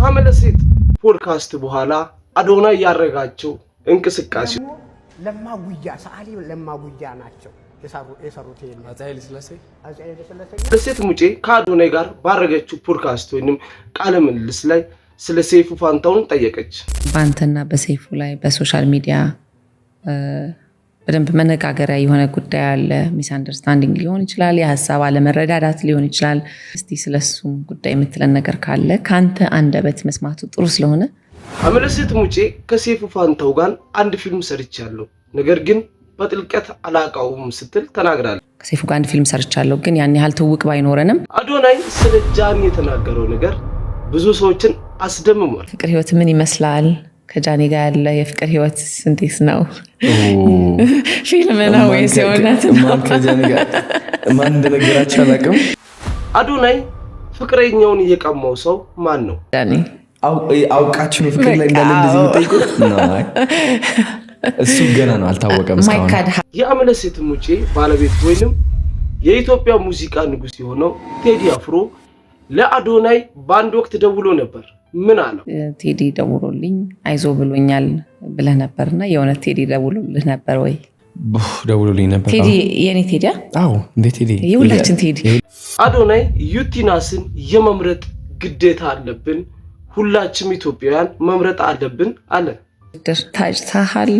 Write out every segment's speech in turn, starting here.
ከሐመለ ፖድካስት በኋላ አዶና ያደረጋቸው እንቅስቃሴ ለማጉያ ሰዓሊ ለማጉያ ናቸው የሰሩት ደሴት ሙጬ ከአዶናይ ጋር ባረገችው ፖድካስት ወይም ቃለ ምልልስ ላይ ስለ ሰይፉ ፋንታውን ጠየቀች። በአንተና በሰይፉ ላይ በሶሻል ሚዲያ በደንብ መነጋገሪያ የሆነ ጉዳይ አለ። ሚስ አንደርስታንዲንግ ሊሆን ይችላል፣ የሀሳብ አለመረዳዳት ሊሆን ይችላል። እስቲ ስለሱም ጉዳይ የምትለን ነገር ካለ ከአንተ አንደበት መስማቱ ጥሩ ስለሆነ። አምለሰት ሙጬ ከሴፉ ፋንታው ጋር አንድ ፊልም ሰርቻለሁ፣ ነገር ግን በጥልቀት አላቃውም ስትል ተናግራለች። ከሴፉ ጋር አንድ ፊልም ሰርቻለሁ፣ ግን ያን ያህል ትውቅ ባይኖረንም አዶናይ ስለ የተናገረው ነገር ብዙ ሰዎችን አስደምሟል። ፍቅር ህይወት ምን ይመስላል ከጃኒ ጋር ያለ የፍቅር ህይወት እንዴት ነው? ፊልም ነው ወይስ የእውነት ነው? ማን እንደነገራቸው አላውቅም። አዶናይ ፍቅረኛውን እየቀማው ሰው ማን ነው? አውቃችሁ ነው ፍቅር ላይ እንዳለ እንደዚህ የምጠይቁት? እሱ ገና ነው አልታወቀም። የአምለ ሴትም ውጭ ባለቤት ወይንም የኢትዮጵያ ሙዚቃ ንጉስ የሆነው ቴዲ አፍሮ ለአዶናይ በአንድ ወቅት ደውሎ ነበር። ምን አለው? ቴዲ ደውሎልኝ አይዞ ብሎኛል ብለህ ነበርና የእውነት ቴዲ ደውሎልህ ነበር ወይ? ደውሎልኝ ነበር። ቴዲ የኔ ቴዲ? እንዴ ቴዲ፣ የሁላችን ቴዲ። አዶናይ ዩቲናስን የመምረጥ ግዴታ አለብን፣ ሁላችም ኢትዮጵያውያን መምረጥ አለብን አለ። ውድድር ታጭታሃል።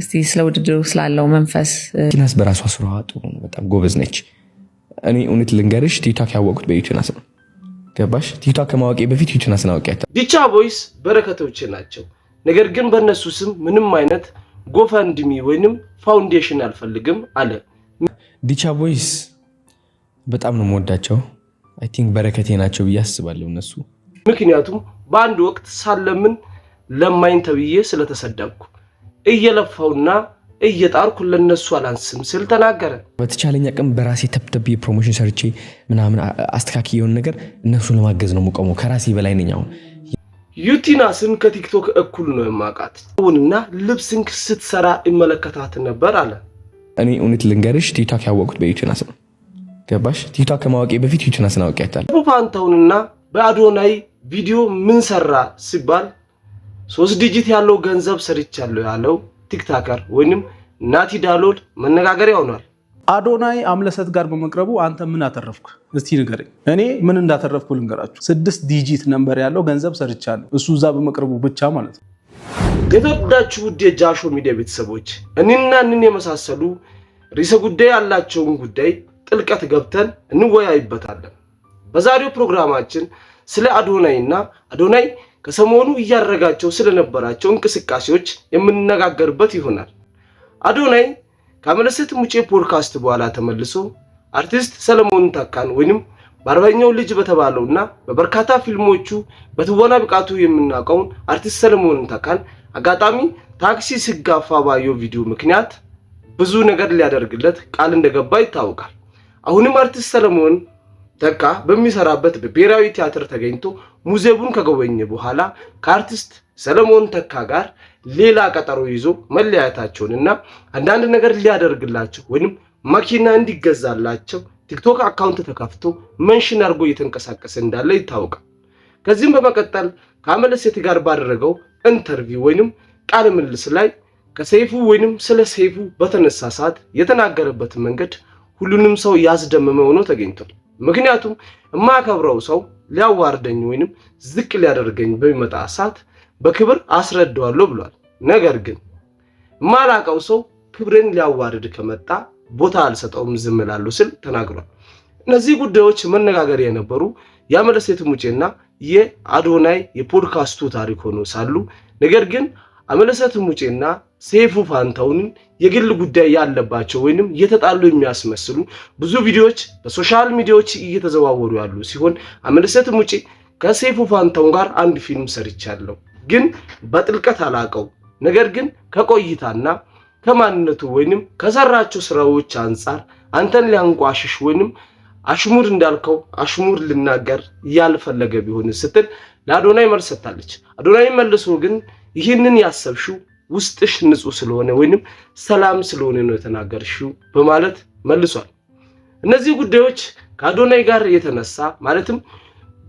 እስቲ ስለ ውድድሩ ስላለው መንፈስ። ዩቲናስ በራሷ ስራዋ ጥሩ ነው፣ በጣም ጎበዝ ነች። እኔ እውነት ልንገርሽ ቲክቶክ ያወቁት በዩቲናስ ነው ገባሽ? ቲቷ ከማወቂ በፊት ዩቱን አስናወቂያት። ዲቻ ቦይስ በረከቶች ናቸው። ነገር ግን በእነሱ ስም ምንም አይነት ጎፈንድሚ ወይንም ፋውንዴሽን አልፈልግም አለ። ዲቻ ቦይስ በጣም ነው የምወዳቸው። አይ ቲንክ በረከቴ ናቸው ብዬ አስባለሁ እነሱ ምክንያቱም በአንድ ወቅት ሳለምን ለማኝ ተብዬ ስለተሰደብኩ እየለፋውና እየጣርኩ ለነሱ አላንስም ስል ተናገረ። በተቻለኝ አቅም በራሴ ተብተብ የፕሮሞሽን ሰርቼ ምናምን አስተካክ የሆን ነገር እነሱን ለማገዝ ነው የምቆመው። ከራሴ በላይ ነኝ። አሁን ዩቲናስን ከቲክቶክ እኩል ነው የማውቃት። አሁንና ልብስን ስትሰራ ይመለከታት ነበር አለ። እኔ እውነት ልንገርሽ ቲክቶክ ያወቁት በዩቲናስ ነው። ገባሽ? ቲክቶክ ከማወቄ በፊት ዩቲናስን አውቄያታል። ፋንታሁንና በአዶናይ ቪዲዮ ምን ሰራ ሲባል ሶስት ዲጂት ያለው ገንዘብ ሰርቻለሁ ያለው ቲክታከር ወይም ናቲ ዳሎል መነጋገሪያ ሆኗል። አዶናይ አምለሰት ጋር በመቅረቡ አንተ ምን አተረፍክ? እስቲ ንገረኝ። እኔ ምን እንዳተረፍኩ ልንገራችሁ። ስድስት ዲጂት ነንበር ያለው ገንዘብ ሰርቻለሁ፣ እሱ እዛ በመቅረቡ ብቻ ማለት ነው። የተወዳችሁ ውድ የጃሾ ሚዲያ ቤተሰቦች እኔና እንን የመሳሰሉ ርዕሰ ጉዳይ ያላቸውን ጉዳይ ጥልቀት ገብተን እንወያይበታለን። በዛሬው ፕሮግራማችን ስለ አዶናይ እና አዶናይ ከሰሞኑ እያደረጋቸው ስለነበራቸው እንቅስቃሴዎች የምንነጋገርበት ይሆናል። አዶናይ ከአምለሰት ሙጬ ፖድካስት በኋላ ተመልሶ አርቲስት ሰለሞን ታካን ወይም በአርበኛው ልጅ በተባለው እና በበርካታ ፊልሞቹ በትወና ብቃቱ የምናውቀውን አርቲስት ሰለሞን ታካን አጋጣሚ ታክሲ ስጋፋ ባየው ቪዲዮ ምክንያት ብዙ ነገር ሊያደርግለት ቃል እንደገባ ይታወቃል። አሁንም አርቲስት ሰለሞን ተካ በሚሰራበት በብሔራዊ ቲያትር ተገኝቶ ሙዚየሙን ከጎበኘ በኋላ ከአርቲስት ሰለሞን ተካ ጋር ሌላ ቀጠሮ ይዞ መለያየታቸውንና አንዳንድ ነገር ሊያደርግላቸው ወይም መኪና እንዲገዛላቸው ቲክቶክ አካውንት ተከፍቶ መንሽን አድርጎ እየተንቀሳቀሰ እንዳለ ይታወቃል። ከዚህም በመቀጠል ከአመለ ሴት ጋር ባደረገው ኢንተርቪው ወይንም ቃለ ምልልስ ላይ ከሰይፉ ወይንም ስለ ሰይፉ በተነሳ ሰዓት የተናገረበትን መንገድ ሁሉንም ሰው ያስደመመ ሆኖ ተገኝቷል። ምክንያቱም የማከብረው ሰው ሊያዋርደኝ ወይንም ዝቅ ሊያደርገኝ በሚመጣ ሰዓት በክብር አስረደዋለሁ ብሏል። ነገር ግን የማላቀው ሰው ክብርን ሊያዋርድ ከመጣ ቦታ አልሰጠውም፣ ዝም እላለሁ ስል ተናግሯል። እነዚህ ጉዳዮች መነጋገር የነበሩ የአምለሰት ሙጬና የአዶናይ የፖድካስቱ ታሪክ ሆኖ ሳሉ ነገር ግን አምለሰት ሙጬና ሰይፉ ፋንታሁንን የግል ጉዳይ ያለባቸው ወይንም እየተጣሉ የሚያስመስሉ ብዙ ቪዲዮዎች በሶሻል ሚዲያዎች እየተዘዋወሩ ያሉ ሲሆን አምለሰት ሙጬ ከሰይፉ ፋንታሁን ጋር አንድ ፊልም ሰርቻለሁ፣ ግን በጥልቀት አላቀው። ነገር ግን ከቆይታና ከማንነቱ ወይንም ከሰራቸው ስራዎች አንጻር አንተን ሊያንቋሽሽ ወይንም አሽሙር እንዳልከው አሽሙር ልናገር ያልፈለገ ቢሆን ስትል ለአዶናይ መልስ ሰጥታለች። አዶናይ መልሶ ግን ይህንን ያሰብሽው ውስጥሽ ንጹህ ስለሆነ ወይንም ሰላም ስለሆነ ነው የተናገርሽው በማለት መልሷል። እነዚህ ጉዳዮች ከአዶናይ ጋር የተነሳ ማለትም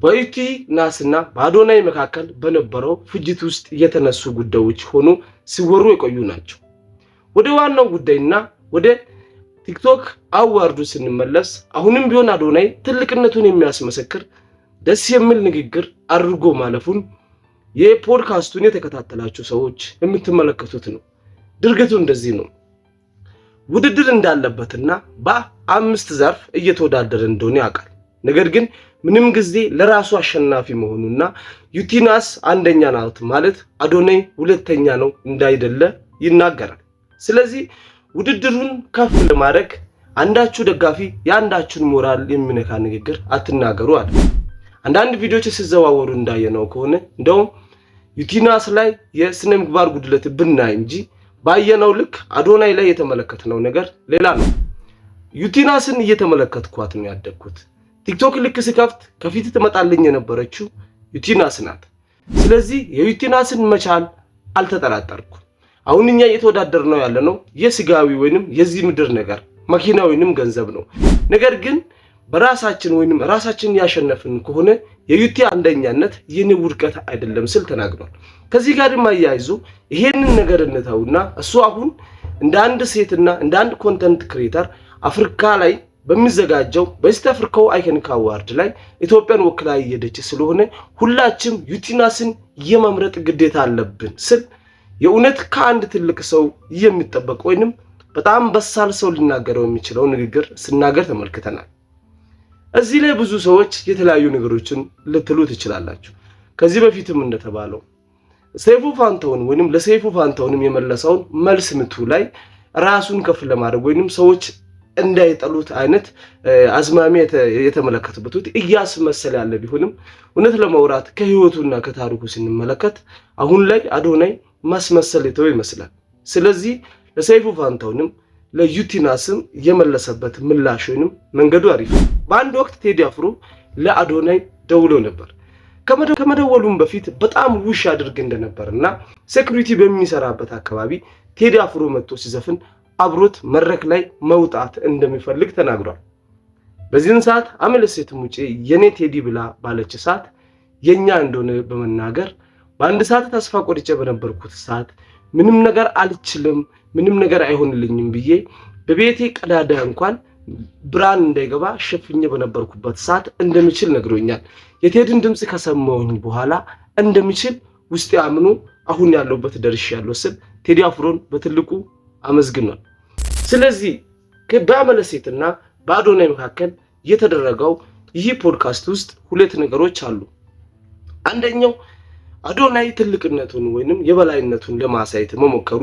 በዩቲ ናስና በአዶናይ መካከል በነበረው ፍጅት ውስጥ የተነሱ ጉዳዮች ሆኖ ሲወሩ የቆዩ ናቸው። ወደ ዋናው ጉዳይና ወደ ቲክቶክ አዋርዱ ስንመለስ አሁንም ቢሆን አዶናይ ትልቅነቱን የሚያስመሰክር ደስ የሚል ንግግር አድርጎ ማለፉን የፖድካስቱን የተከታተላችሁ ሰዎች የምትመለከቱት ነው። ድርጊቱ እንደዚህ ነው። ውድድር እንዳለበትና በአምስት ዘርፍ እየተወዳደረ እንደሆነ ያውቃል። ነገር ግን ምንም ጊዜ ለራሱ አሸናፊ መሆኑና ዩቲናስ አንደኛ ናት ማለት አዶናይ ሁለተኛ ነው እንዳይደለ ይናገራል። ስለዚህ ውድድሩን ከፍ ለማድረግ አንዳችሁ ደጋፊ የአንዳችሁን ሞራል የሚነካ ንግግር አትናገሩ አለ። አንዳንድ ቪዲዮዎች ሲዘዋወሩ እንዳየነው ከሆነ እንደውም ዩቲናስ ላይ የስነ ምግባር ጉድለት ብናይ እንጂ ባየነው ልክ አዶናይ ላይ የተመለከትነው ነገር ሌላ ነው። ዩቲናስን እየተመለከትኳት ነው ያደግኩት። ቲክቶክ ልክ ስከፍት ከፊት ትመጣልኝ የነበረችው ዩቲናስ ናት። ስለዚህ የዩቲናስን መቻል አልተጠራጠርኩም። አሁን እኛ እየተወዳደር ነው ያለነው የስጋዊ ወይንም የዚህ ምድር ነገር መኪና ወይንም ገንዘብ ነው። ነገር ግን በራሳችን ወይንም ራሳችን ያሸነፍን ከሆነ የዩቲ አንደኛነት ይህን ውድቀት አይደለም ስል ተናግሯል። ከዚህ ጋር አያይዞ ይሄንን ነገር እንተውና እሱ አሁን እንደ አንድ ሴትና እንደ አንድ ኮንተንት ክሬተር አፍሪካ ላይ በሚዘጋጀው በስት አፍሪካው አይከኒክ አዋርድ ላይ ኢትዮጵያን ወክላ እየሄደች ስለሆነ ሁላችም ዩቲናስን የመምረጥ ግዴታ አለብን ስል የእውነት ከአንድ ትልቅ ሰው የሚጠበቅ ወይንም በጣም በሳል ሰው ሊናገረው የሚችለው ንግግር ስናገር ተመልክተናል። እዚህ ላይ ብዙ ሰዎች የተለያዩ ነገሮችን ልትሉ ትችላላችሁ። ከዚህ በፊትም እንደተባለው ሰይፉ ፋንታሁን ወይም ለሰይፉ ፋንታሁንም የመለሰውን መልስ ምቱ ላይ ራሱን ከፍ ለማድረግ ወይም ሰዎች እንዳይጠሉት አይነት አዝማሚያ የተመለከተበት እያስመሰለ ያለ ቢሆንም እውነት ለመውራት ከህይወቱና ከታሪኩ ስንመለከት አሁን ላይ አዶናይ ማስመሰል የተወ ይመስላል። ስለዚህ ለሰይፉ ፋንታሁንም ለዩቲናስም የመለሰበት ምላሽ ወይንም መንገዱ አሪፍ። በአንድ ወቅት ቴዲ አፍሮ ለአዶናይ ደውሎ ነበር። ከመደወሉም በፊት በጣም ውሽ አድርግ እንደነበር እና ሴኩሪቲ በሚሰራበት አካባቢ ቴዲ አፍሮ መጥቶ ሲዘፍን አብሮት መድረክ ላይ መውጣት እንደሚፈልግ ተናግሯል። በዚህን ሰዓት አመለሴትም ውጪ የኔ ቴዲ ብላ ባለች ሰዓት የኛ እንደሆነ በመናገር በአንድ ሰዓት ተስፋ ቆርጬ በነበርኩት ሰዓት ምንም ነገር አልችልም፣ ምንም ነገር አይሆንልኝም ብዬ በቤቴ ቀዳዳ እንኳን ብርሃን እንዳይገባ ሸፍኜ በነበርኩበት ሰዓት እንደምችል ነግሮኛል። የቴድን ድምፅ ከሰማሁኝ በኋላ እንደምችል ውስጤ አምኖ አሁን ያለሁበት ያለው ስል ቴዲ አፍሮን በትልቁ አመስግኗል። ስለዚህ በአመለሴትና በአዶናይ መካከል የተደረገው ይህ ፖድካስት ውስጥ ሁለት ነገሮች አሉ። አንደኛው አዶናይ ትልቅነቱን ወይንም የበላይነቱን ለማሳየት መሞከሩ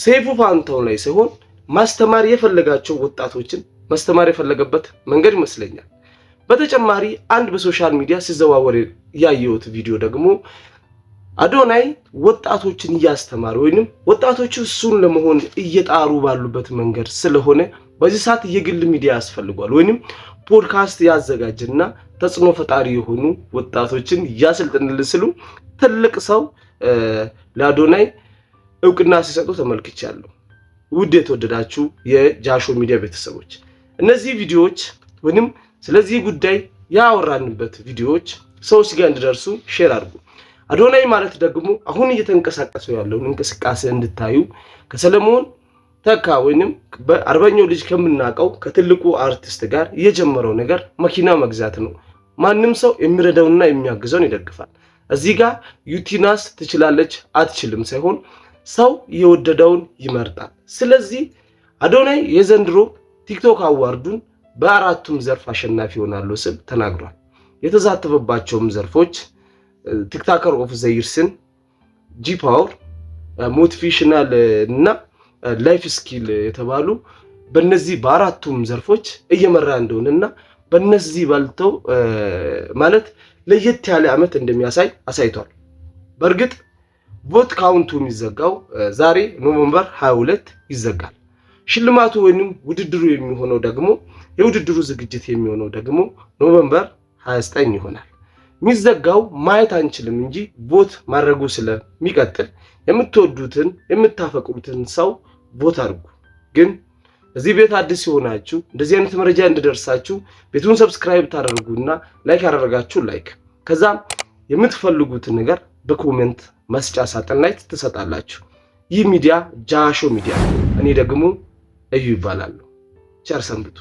ሰይፉ ፋንታሁን ላይ ሳይሆን ማስተማር የፈለጋቸው ወጣቶችን ማስተማር የፈለገበት መንገድ ይመስለኛል። በተጨማሪ አንድ በሶሻል ሚዲያ ሲዘዋወር ያየሁት ቪዲዮ ደግሞ አዶናይ ወጣቶችን እያስተማረ ወይንም ወጣቶቹ እሱን ለመሆን እየጣሩ ባሉበት መንገድ ስለሆነ በዚህ ሰዓት የግል ሚዲያ ያስፈልጓል ወይንም ፖድካስት ያዘጋጅና ተጽዕኖ ፈጣሪ የሆኑ ወጣቶችን እያሰልጥንልን ስሉ ትልቅ ሰው ለአዶናይ እውቅና ሲሰጡ ተመልክቻለሁ። ውድ የተወደዳችሁ የጃሾ ሚዲያ ቤተሰቦች እነዚህ ቪዲዮዎች ወይም ስለዚህ ጉዳይ ያወራንበት ቪዲዮዎች ሰዎች ጋር እንዲደርሱ ሼር አድርጉ። አዶናይ ማለት ደግሞ አሁን እየተንቀሳቀሰው ያለውን እንቅስቃሴ እንድታዩ ከሰለሞን ተካ ወይንም በአርበኛው ልጅ ከምናውቀው ከትልቁ አርቲስት ጋር የጀመረው ነገር መኪና መግዛት ነው። ማንም ሰው የሚረዳውና የሚያግዘውን ይደግፋል። እዚህ ጋር ዩቲናስ ትችላለች አትችልም ሳይሆን ሰው የወደደውን ይመርጣል። ስለዚህ አዶናይ የዘንድሮ ቲክቶክ አዋርዱን በአራቱም ዘርፍ አሸናፊ ይሆናሉ ስል ተናግሯል። የተሳተፈባቸውም ዘርፎች ቲክታከር ኦፍ ዘይርስን፣ ጂ ፓወር፣ ሞቲቬሽናል እና ላይፍ ስኪል የተባሉ በነዚህ በአራቱም ዘርፎች እየመራ እንደሆነና በነዚህ ባልተው ማለት ለየት ያለ ዓመት እንደሚያሳይ አሳይቷል። በእርግጥ ቮት ካውንቱ የሚዘጋው ዛሬ ኖቨምበር 22 ይዘጋል። ሽልማቱ ወይም ውድድሩ የሚሆነው ደግሞ የውድድሩ ዝግጅት የሚሆነው ደግሞ ኖቨምበር 29 ይሆናል። የሚዘጋው ማየት አንችልም እንጂ ቦት ማድረጉ ስለሚቀጥል የምትወዱትን የምታፈቅሩትን ሰው ቦት አድርጉ። ግን እዚህ ቤት አዲስ የሆናችሁ እንደዚህ አይነት መረጃ እንድደርሳችሁ ቤቱን ሰብስክራይብ ታደርጉና ላይክ ያደረጋችሁ ላይክ ከዛ የምትፈልጉትን ነገር በኮሜንት መስጫ ሳጥን ላይ ትሰጣላችሁ። ይህ ሚዲያ ጃሾ ሚዲያ፣ እኔ ደግሞ እዩ ይባላሉ። ቸር ሰንብቱ።